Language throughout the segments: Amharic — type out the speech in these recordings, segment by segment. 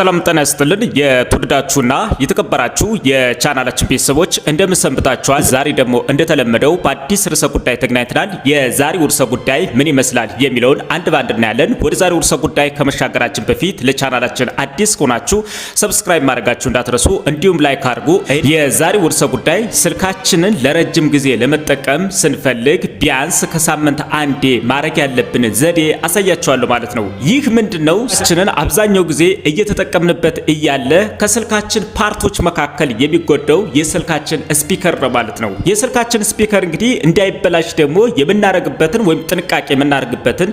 ሰላም ጤና ይስጥልን። የተወደዳችሁና የተከበራችሁ የቻናላችን ቤተሰቦች እንደምሰንብታችኋል። ዛሬ ደግሞ እንደተለመደው በአዲስ ርዕሰ ጉዳይ ተገናኝተናል። የዛሬው ርዕሰ ጉዳይ ምን ይመስላል የሚለውን አንድ ባንድ እናያለን። ወደ ዛሬው ርዕሰ ጉዳይ ከመሻገራችን በፊት ለቻናላችን አዲስ ከሆናችሁ ሰብስክራይብ ማድረጋችሁ እንዳትረሱ፣ እንዲሁም ላይክ አድርጉ። የዛሬው ርዕሰ ጉዳይ ስልካችንን ለረጅም ጊዜ ለመጠቀም ስንፈልግ ቢያንስ ከሳምንት አንዴ ማድረግ ያለብን ዘዴ አሳያቸዋለሁ ማለት ነው። ይህ ምንድን ነው? ስልካችንን አብዛኛው ጊዜ እየተጠቀምንበት እያለ ከስልካችን ፓርቶች መካከል የሚጎዳው የስልካችን ስፒከር ነው ማለት ነው። የስልካችን ስፒከር እንግዲህ እንዳይበላሽ ደግሞ የምናደርግበትን ወይም ጥንቃቄ የምናደርግበትን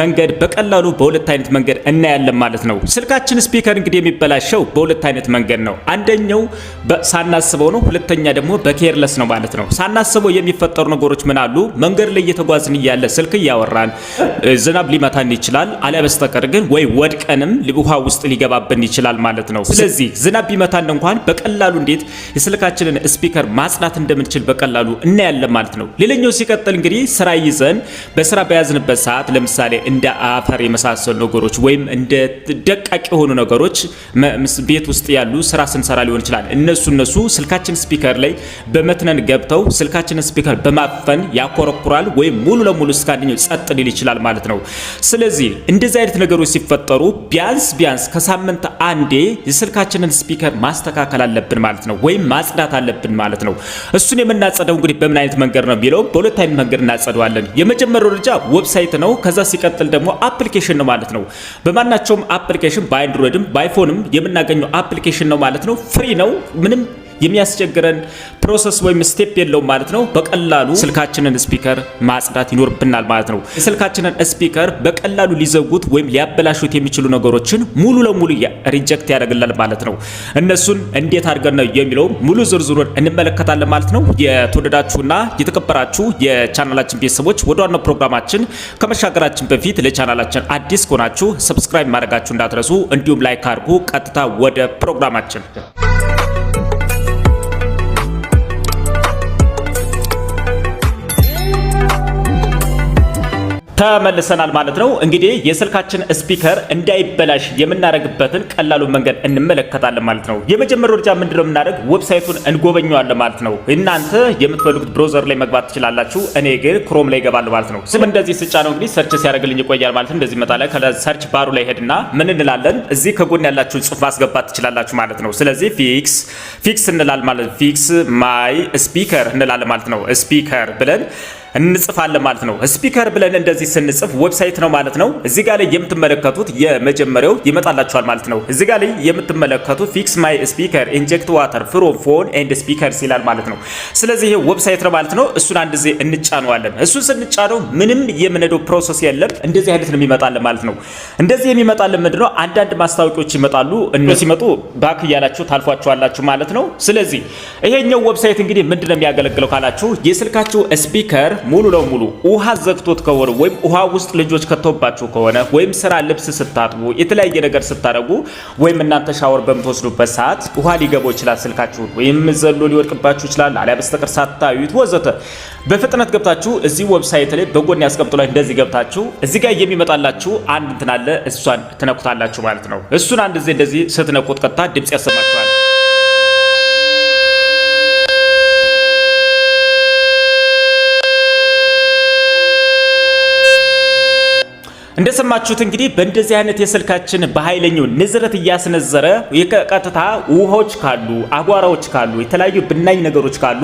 መንገድ በቀላሉ በሁለት አይነት መንገድ እናያለን ማለት ነው። ስልካችን ስፒከር እንግዲህ የሚበላሸው በሁለት አይነት መንገድ ነው። አንደኛው ሳናስበው ነው፣ ሁለተኛ ደግሞ በኬርለስ ነው ማለት ነው። ሳናስበው የሚፈጠሩ ነገሮች ምን አሉ? መንገድ ላይ እየተጓዝን እያለ ስልክ እያወራን ዝናብ ሊመታን ይችላል። አለ በስተቀር ግን ወይ ወድቀንም ውሃ ውስጥ ሊገባብን ይችላል ማለት ነው። ስለዚህ ዝናብ ቢመታን እንኳን በቀላሉ እንዴት የስልካችንን ስፒከር ማጽዳት እንደምንችል በቀላሉ እናያለን ማለት ነው። ሌላኛው ሲቀጥል እንግዲህ ስራ ይዘን በስራ በያዝንበት ሰዓት ለምሳሌ እንደ አፈር የመሳሰሉ ነገሮች ወይም እንደ ደቃቅ የሆኑ ነገሮች ቤት ውስጥ ያሉ ስራ ስንሰራ ሊሆን ይችላል። እነሱ እነሱ ስልካችን ስፒከር ላይ በመትነን ገብተው ስልካችንን ስፒከር በማፈን ያኮረ ያተኩራል ወይም ሙሉ ለሙሉ እስካንደኛው ጸጥ ሊል ይችላል ማለት ነው። ስለዚህ እንደዚህ አይነት ነገሮች ሲፈጠሩ ቢያንስ ቢያንስ ከሳምንት አንዴ የስልካችንን ስፒከር ማስተካከል አለብን ማለት ነው፣ ወይም ማጽዳት አለብን ማለት ነው። እሱን የምናጸደው እንግዲህ በምን አይነት መንገድ ነው የሚለው በሁለት አይነት መንገድ እናጸደዋለን። የመጀመሪያው ደረጃ ዌብሳይት ነው። ከዛ ሲቀጥል ደግሞ አፕሊኬሽን ነው ማለት ነው። በማናቸውም አፕሊኬሽን በአንድሮይድም በአይፎንም የምናገኘው አፕሊኬሽን ነው ማለት ነው። ፍሪ ነው ምንም የሚያስቸግረን ፕሮሰስ ወይም ስቴፕ የለውም ማለት ነው። በቀላሉ ስልካችንን ስፒከር ማጽዳት ይኖርብናል ማለት ነው። የስልካችንን ስፒከር በቀላሉ ሊዘጉት ወይም ሊያበላሹት የሚችሉ ነገሮችን ሙሉ ለሙሉ ሪጀክት ያደርግልናል ማለት ነው። እነሱን እንዴት አድርገን ነው የሚለው ሙሉ ዝርዝሩን እንመለከታለን ማለት ነው። የተወደዳችሁና የተከበራችሁ የቻናላችን ቤተሰቦች ወደ ዋናው ፕሮግራማችን ከመሻገራችን በፊት ለቻናላችን አዲስ ከሆናችሁ ሰብስክራይብ ማድረጋችሁ እንዳትረሱ፣ እንዲሁም ላይክ አድርጉ። ቀጥታ ወደ ፕሮግራማችን ተመልሰናል ማለት ነው። እንግዲህ የስልካችን ስፒከር እንዳይበላሽ የምናደርግበትን ቀላሉ መንገድ እንመለከታለን ማለት ነው። የመጀመሪያው እርጃ ምንድነው የምናደርግ ዌብሳይቱን እንጎበኘዋለን ማለት ነው። እናንተ የምትፈልጉት ብሮዘር ላይ መግባት ትችላላችሁ። እኔ ግን ክሮም ላይ ይገባል ማለት ነው። ስም እንደዚህ ስጫ ነው እንግዲህ ሰርች ሲያደርግልኝ ይቆያል ማለት ነው። እንደዚህ መጣለ ሰርች ባሩ ላይ ሄድና ምን እንላለን እዚህ ከጎን ያላችሁን ጽሁፍ ማስገባት ትችላላችሁ ማለት ነው። ስለዚህ ፊክስ ፊክስ እንላል ማለት ፊክስ ማይ ስፒከር እንላለን ማለት ነው። ስፒከር ብለን እንጽፋለን ማለት ነው። ስፒከር ብለን እንደዚህ ስንጽፍ ዌብሳይት ነው ማለት ነው። እዚህ ጋር ላይ የምትመለከቱት የመጀመሪያው ይመጣላችኋል ማለት ነው። እዚህ ጋር ላይ የምትመለከቱት ፊክስ ማይ ስፒከር ኢንጀክት ዋተር ፍሮም ፎን ኤንድ ስፒከር ይላል ማለት ነው። ስለዚህ ይሄ ዌብሳይት ነው ማለት ነው። እሱን አንድ ጊዜ እንጫነዋለን። እሱን ስንጫነው ምንም የምንሄደው ፕሮሰስ የለም። እንደዚህ አይነት ነው የሚመጣልን ማለት ነው። እንደዚህ የሚመጣልን ምንድነው አንዳንድ ማስታወቂያዎች ይመጣሉ። እነሱ ሲመጡ ባክ እያላችሁ ታልፏችኋላችሁ ማለት ነው። ስለዚህ ይሄኛው ዌብሳይት እንግዲህ ምንድነው የሚያገለግለው ካላችሁ የስልካችሁ ስፒከር ሙሉ ለሙሉ ውሃ ዘግቶት ከሆነ ወይም ውሃ ውስጥ ልጆች ከተውባችሁ ከሆነ ወይም ስራ ልብስ ስታጥቡ የተለያየ ነገር ስታደርጉ ወይም እናንተ ሻወር በምትወስዱበት ሰዓት ውሃ ሊገባው ይችላል ስልካችሁን ወይም ዘሎ ሊወድቅባችሁ ይችላል አሊያ በስተቀር ሳታዩት ወዘተ በፍጥነት ገብታችሁ እዚህ ዌብሳይት ላይ በጎን ያስቀምጡ ላይ እንደዚህ ገብታችሁ እዚህ ጋር የሚመጣላችሁ አንድ እንትን አለ እሷን ትነኩታላችሁ ማለት ነው እሱን አንድ ጊዜ እንደዚህ ስትነኩት ቀጥታ ድምጽ ያሰማችኋል እንደሰማችሁት እንግዲህ በእንደዚህ አይነት የስልካችን በኃይለኛው ንዝረት እያስነዘረ የቀጥታ ውሆች ካሉ አቧራዎች ካሉ የተለያዩ ብናኝ ነገሮች ካሉ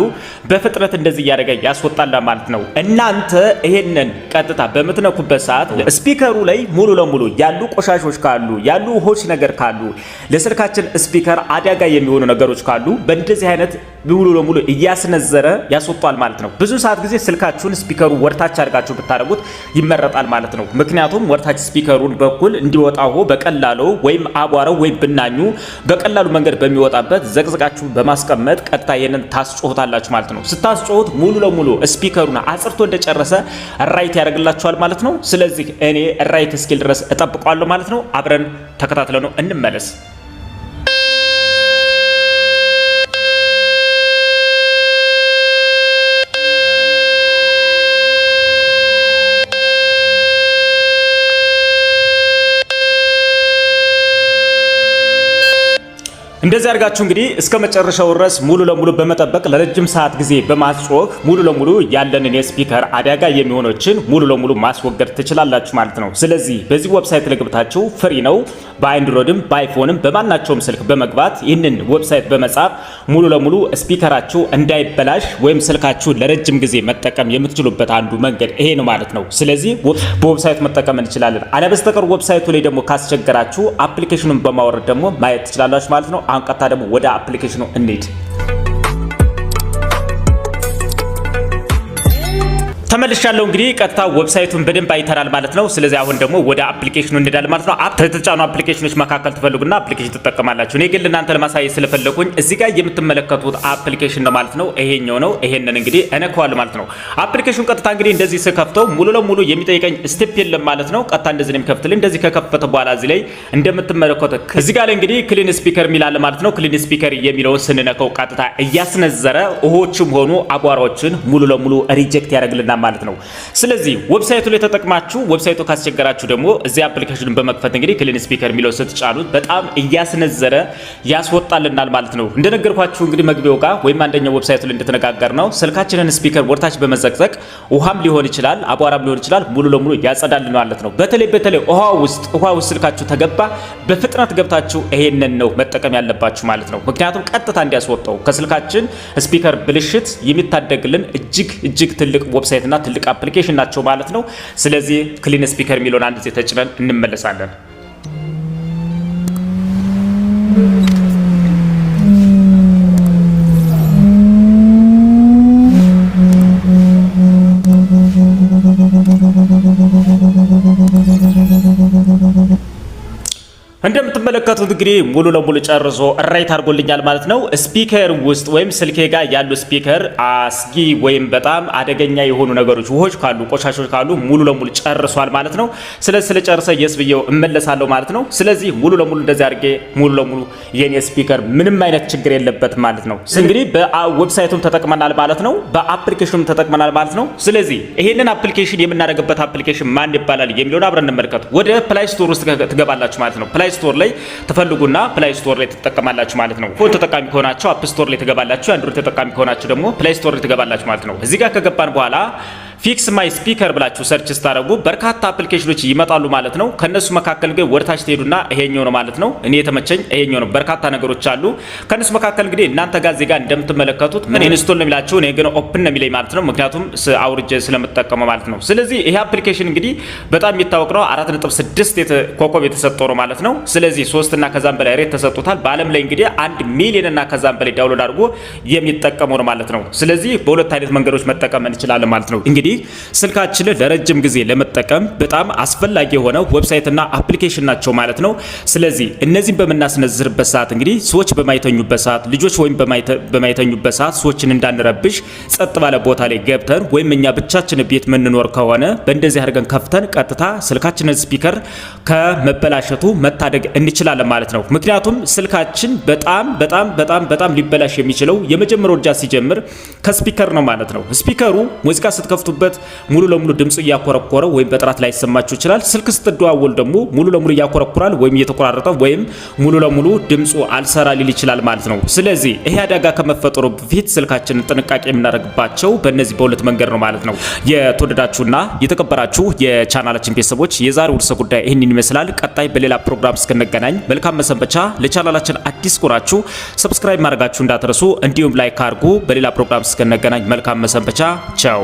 በፍጥነት እንደዚህ እያደረገ ያስወጣል ማለት ነው። እናንተ ይሄንን ቀጥታ በምትነኩበት ሰዓት ስፒከሩ ላይ ሙሉ ለሙሉ ያሉ ቆሻሾች ካሉ ያሉ ውሆች ነገር ካሉ ለስልካችን ስፒከር አደጋ የሚሆኑ ነገሮች ካሉ በእንደዚህ አይነት ሙሉ ለሙሉ እያስነዘረ ያስወጣል ማለት ነው። ብዙ ሰዓት ጊዜ ስልካችሁን ስፒከሩ ወርታች አድርጋችሁ ብታደርጉት ይመረጣል ማለት ነው። ምክንያቱም ወርታች ስፒከሩን በኩል ሆ በቀላሉ ወይም አቧራው ወይም ብናኙ በቀላሉ መንገድ በሚወጣበት ዘቅዝቃችሁ በማስቀመጥ ቀጥታ ይህንን ታስጮሁታላችሁ ማለት ነው። ስታስጮሁት ሙሉ ለሙሉ ስፒከሩን አጽርቶ እንደጨረሰ ራይት ያደርግላችኋል ማለት ነው። ስለዚህ እኔ ራይት እስኪል ድረስ እጠብቋለሁ ማለት ነው። አብረን ተከታትለ ነው እንመለስ። እንደዚህ አድርጋችሁ እንግዲህ እስከ መጨረሻው ድረስ ሙሉ ለሙሉ በመጠበቅ ለረጅም ሰዓት ጊዜ በማስጮህ ሙሉ ለሙሉ ያለንን የስፒከር አደጋ የሚሆኖችን ሙሉ ለሙሉ ማስወገድ ትችላላችሁ ማለት ነው። ስለዚህ በዚህ ዌብሳይት ለግብታችሁ ፍሪ ነው። በአንድሮይድም በአይፎንም በማናቸውም ስልክ በመግባት ይህንን ዌብሳይት በመጻፍ ሙሉ ለሙሉ ስፒከራችሁ እንዳይበላሽ ወይም ስልካችሁ ለረጅም ጊዜ መጠቀም የምትችሉበት አንዱ መንገድ ይሄ ነው ማለት ነው። ስለዚህ በዌብሳይት መጠቀም እንችላለን። አለበስተቀር ዌብሳይቱ ላይ ደግሞ ካስቸገራችሁ አፕሊኬሽኑን በማውረድ ደግሞ ማየት ትችላላችሁ ማለት ነው። አሁን ደግሞ ወደ አፕሊኬሽኑ እንሂድ። ተመልሻለሁ። እንግዲህ ቀጥታ ዌብሳይቱን በደንብ አይተናል ማለት ነው። ስለዚህ አሁን ደግሞ ወደ አፕሊኬሽኑ እንሄዳለን ማለት ነው። አፕ የተጫኑ አፕሊኬሽኖች መካከል ትፈልጉና አፕሊኬሽን ትጠቀማላችሁ። እኔ ግን ለእናንተ ለማሳየት ስለፈለኩኝ እዚህ ጋር የምትመለከቱት አፕሊኬሽን ነው ማለት ነው። ይሄኛው ነው። ይሄንን እንግዲህ እነካዋለሁ ማለት ነው። አፕሊኬሽኑ ቀጥታ እንግዲህ እንደዚህ ስከፍተው ሙሉ ለሙሉ የሚጠይቀኝ ስቴፕ የለም ማለት ነው። ቀጥታ እንደዚህ ነው የሚከፍትል። እንደዚህ ከከፈተ በኋላ እዚህ ላይ እንደምትመለከቱ እዚህ ጋር ላይ እንግዲህ ክሊን ስፒከር የሚላለ ማለት ነው። ክሊን ስፒከር የሚለውን ስንነከው ቀጥታ እያስነዘረ ውሆችም ሆኑ አቧራዎችን ሙሉ ለሙሉ ሪጀክት ያደርግልናል። ማለት ነው። ስለዚህ ዌብሳይቱ ላይ ተጠቅማችሁ ዌብሳይቱ ካስቸገራችሁ ደግሞ እዚህ አፕሊኬሽኑን በመክፈት እንግዲህ ክሊን ስፒከር የሚለው ስትጫኑት በጣም እያስነዘረ ያስወጣልናል ማለት ነው። እንደነገርኳችሁ እንግዲህ መግቢያው ጋር ወይም አንደኛው ዌብሳይቱ ላይ እንደተነጋገር ነው ስልካችንን ስፒከር ወርታች በመዘቅዘቅ ውሃም ሊሆን ይችላል አቧራም ሊሆን ይችላል ሙሉ ለሙሉ ያጸዳልን ማለት ነው። በተለይ በተለይ ውሃ ውስጥ ውሃ ውስጥ ስልካችሁ ተገባ በፍጥነት ገብታችሁ ይሄንን ነው መጠቀም ያለባችሁ ማለት ነው። ምክንያቱም ቀጥታ እንዲያስወጣው ከስልካችን ስፒከር ብልሽት የሚታደግልን እጅግ እጅግ ትልቅ ዌብሳይት እና ትልቅ አፕሊኬሽን ናቸው ማለት ነው። ስለዚህ ክሊን ስፒከር የሚለውን አንድ ጊዜ ተጭነን እንመለሳለን። እንደምትመለከቱት እንግዲህ ሙሉ ለሙሉ ጨርሶ ራይት አድርጎልኛል ማለት ነው። ስፒከር ውስጥ ወይም ስልኬ ጋር ያሉ ስፒከር አስጊ ወይም በጣም አደገኛ የሆኑ ነገሮች ውሆች ካሉ ቆሻሾች ካሉ ሙሉ ለሙሉ ጨርሷል ማለት ነው። ስለዚህ ስለጨርሰ የስ ብዬው እመለሳለሁ ማለት ነው። ስለዚህ ሙሉ ለሙሉ እንደዚህ አድርጌ ሙሉ ለሙሉ የኔ ስፒከር ምንም አይነት ችግር የለበት ማለት ነው። እንግዲህ በዌብሳይቱም ተጠቅመናል ማለት ነው። በአፕሊኬሽኑም ተጠቅመናል ማለት ነው። ስለዚህ ይሄንን አፕሊኬሽን የምናደርግበት አፕሊኬሽን ማን ይባላል የሚለውን አብረን እንመልከት። ወደ ፕላይ ስቶር ውስጥ ትገባላችሁ ማለት ነው። ፕላይ ስቶር ላይ ትፈልጉና ፕላይ ስቶር ላይ ትጠቀማላችሁ ማለት ነው። ፎን ተጠቃሚ ከሆናችሁ አፕ ስቶር ላይ ትገባላችሁ። አንድሮይድ ተጠቃሚ ከሆናችሁ ደግሞ ፕላይ ስቶር ላይ ትገባላችሁ ማለት ነው። እዚህ ጋር ከገባን በኋላ ፊክስ ማይ ስፒከር ብላችሁ ሰርች ስታደረጉ በርካታ አፕሊኬሽኖች ይመጣሉ ማለት ነው። ከነሱ መካከል ግን ወርታች ትሄዱና ይሄኛው ነው ማለት ነው። እኔ የተመቸኝ ይሄኛው ነው። በርካታ ነገሮች አሉ። ከነሱ መካከል እንግዲህ እናንተ ጋር ዜጋ እንደምትመለከቱት ምን ኢንስቶል ነው የሚላችሁ፣ እኔ ግን ኦፕን ነው የሚለኝ ማለት ነው። ምክንያቱም አውርጄ ስለምጠቀመው ማለት ነው። ስለዚህ ይሄ አፕሊኬሽን እንግዲህ በጣም የሚታወቅ ነው። አራት ነጥብ ስድስት ኮከብ የተሰጠው ነው ማለት ነው። ስለዚህ ሶስት እና ከዛም በላይ ሬት ተሰጥቶታል። በአለም ላይ እንግዲህ አንድ ሚሊዮን እና ከዛም በላይ ዳውንሎድ አድርጎ የሚጠቀሙ ነው ማለት ነው። ስለዚህ በሁለት አይነት መንገዶች መጠቀም እንችላለን ማለት ነው እንግዲህ እንግዲህ ስልካችንን ለረጅም ጊዜ ለመጠቀም በጣም አስፈላጊ የሆነ ዌብሳይትና አፕሊኬሽን ናቸው ማለት ነው። ስለዚህ እነዚህን በምናስነዝርበት ሰዓት እንግዲህ ሰዎች በማይተኙበት ሰዓት፣ ልጆች ወይም በማይተኙበት ሰዓት ሰዎችን እንዳንረብሽ ጸጥ ባለ ቦታ ላይ ገብተን ወይም እኛ ብቻችን ቤት ምንኖር ከሆነ በእንደዚህ አድርገን ከፍተን ቀጥታ ስልካችንን ስፒከር ከመበላሸቱ መታደግ እንችላለን ማለት ነው። ምክንያቱም ስልካችን በጣም በጣም በጣም በጣም ሊበላሽ የሚችለው የመጀመሪያው እርጃ ሲጀምር ከስፒከር ነው ማለት ነው። ስፒከሩ ሙዚቃ ስትከፍቱ የምትሉበት ሙሉ ለሙሉ ድምፅ እያኮረኮረ ወይም በጥራት ላይ ይሰማችሁ ይችላል። ስልክ ስትደዋወሉ ደግሞ ሙሉ ለሙሉ እያኮረኩራል ወይም እየተቆራረጠ ወይም ሙሉ ለሙሉ ድምፁ አልሰራ ሊል ይችላል ማለት ነው። ስለዚህ ይሄ አደጋ ከመፈጠሩ በፊት ስልካችንን ጥንቃቄ የምናደርግባቸው በእነዚህ በሁለት መንገድ ነው ማለት ነው። የተወደዳችሁና የተከበራችሁ የቻናላችን ቤተሰቦች የዛሬው ርዕሰ ጉዳይ ይህንን ይመስላል። ቀጣይ በሌላ ፕሮግራም እስክንገናኝ መልካም መሰንበቻ። ለቻናላችን አዲስ ቁናችሁ ሰብስክራይብ ማድረጋችሁ እንዳትረሱ፣ እንዲሁም ላይክ አድርጉ። በሌላ ፕሮግራም እስክንገናኝ መልካም መሰንበቻ ቸው